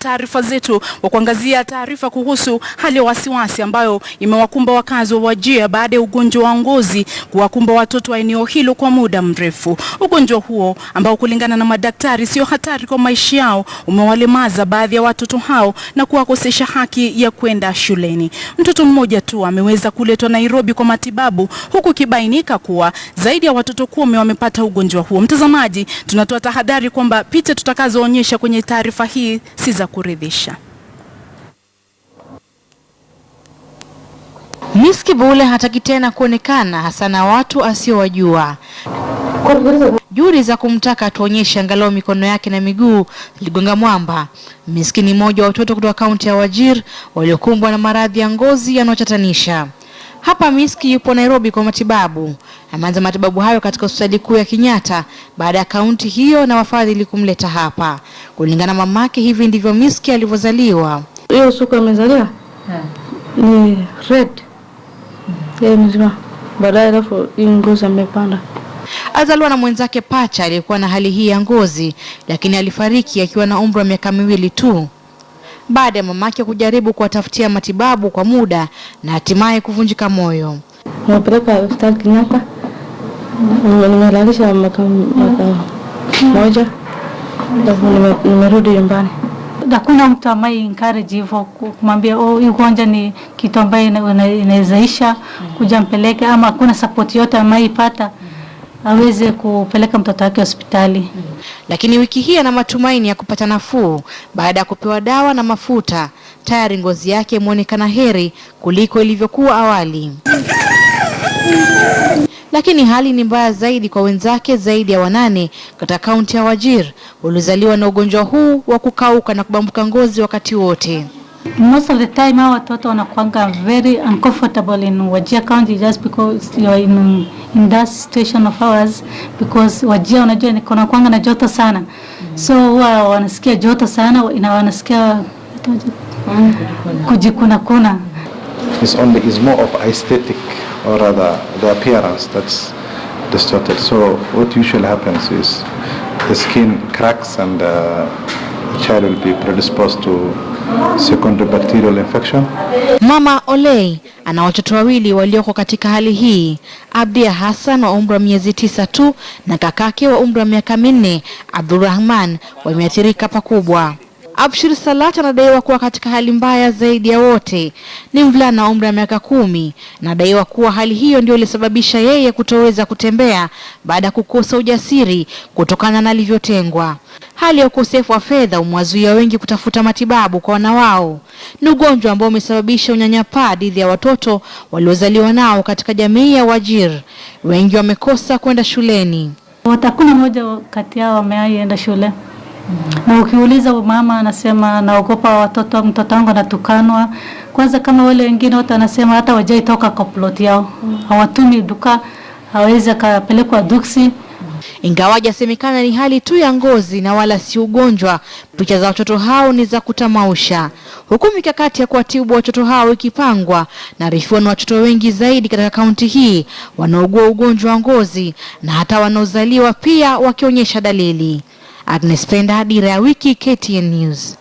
taarifa zetu wa kuangazia taarifa kuhusu hali ya wasiwasi ambayo imewakumba wakazi wa Wajir baada ya ugonjwa wa ngozi kuwakumba watoto wa eneo hilo kwa muda mrefu. Ugonjwa huo ambao kulingana na madaktari sio hatari kwa maisha yao, umewalemaza baadhi ya watoto hao na kuwakosesha haki ya kwenda shuleni. Mtoto mmoja tu ameweza kuletwa Nairobi kwa matibabu, huku kibainika kuwa zaidi ya watoto kumi wamepata ugonjwa huo. Mtazamaji, tunatoa tahadhari kwamba picha tutakazoonyesha kwenye taarifa hii si za kuridhisha. Miss Kivule hataki tena kuonekana hasa na watu asiowajua. Juri za kumtaka atuonyeshe angalau mikono yake na miguu ligonga mwamba. miski ni mmoja wa watoto kutoka kaunti ya Wajir waliokumbwa na maradhi ya ngozi yanayochatanisha Hapa Miski yupo Nairobi kwa matibabu ameanza matibabu hayo katika hospitali kuu ya Kenyatta baada ya kaunti hiyo na wafadhili kumleta hapa. Kulingana mamake, hivi ndivyo Miski alivyozaliwa. Hiyo suku amezaliwa hmm. ni red yeye mzima, baadaye alafu hii ngozi amepanda. Azaliwa na mwenzake pacha aliyekuwa na hali hii ya ngozi, lakini alifariki akiwa na umri wa miaka miwili tu baada ya mamake kujaribu kuwatafutia matibabu kwa muda na hatimaye kuvunjika moyo. Amepeleka hospitali Kenyatta nimelalisha mwaka moja nimerudi nyumbani. Hakuna mtu ambaye encourage hivyo kumwambia oh, ugonjwa ni kitu ambaye inawezaisha kuja mpeleke, ama hakuna support yote ipata aweze kupeleka mtoto wake hospitali. Lakini wiki hii ana matumaini ya kupata nafuu baada ya kupewa dawa na mafuta. Tayari ngozi yake imeonekana heri kuliko ilivyokuwa awali lakini hali ni mbaya zaidi kwa wenzake zaidi ya wanane katika kaunti ya Wajir waliozaliwa na ugonjwa huu wa kukauka na kubambuka ngozi wakati wote. Most of the time hawa watoto wanakuanga very uncomfortable in Wajir County just because you are in, in that situation of ours because Wajir unajua kunakuanga na joto sana. So huwa wanasikia joto sana na wanasikia hmm. kujikunakuna. It's only is more of aesthetic or rather the appearance that's distorted. So what usually happens is the skin cracks and uh, the child will be predisposed to secondary bacterial infection. Mama Olei ana watoto wawili walioko katika hali hii, Abdia Hassan wa umri wa miezi tisa tu na kakake wa umri wa miaka minne Abdurrahman wameathirika pakubwa. Abshir Salat anadaiwa kuwa katika hali mbaya zaidi ya wote. Ni mvulana wa umri wa miaka kumi. Anadaiwa kuwa hali hiyo ndio ilisababisha yeye kutoweza kutembea baada ya kukosa ujasiri kutokana na alivyotengwa. Hali ya ukosefu wa fedha umewazuia wengi kutafuta matibabu kwa wana wao. Ni ugonjwa ambao umesababisha unyanyapaa dhidi ya watoto waliozaliwa nao katika jamii ya Wajir. Wengi wamekosa kwenda shuleni. Watakuna mmoja kati yao wameaienda shule na ukiuliza mama anasema naogopa watoto, mtoto wangu anatukanwa. Kwanza kama wale wengine wote anasema hata wajaitoka kwa plot yao mm. hawatumi duka, hawezi akapelekwa duksi. Ingawa jasemekana ni hali tu ya ngozi na wala si ugonjwa, picha za watoto hao ni za kutamausha, huku mikakati ya kuwatibu watoto hao ikipangwa. Naarifiwa na watoto wengi zaidi katika kaunti hii wanaogua ugonjwa wa ngozi na hata wanaozaliwa pia wakionyesha dalili. Agnes Penda, dira ya wiki KTN News.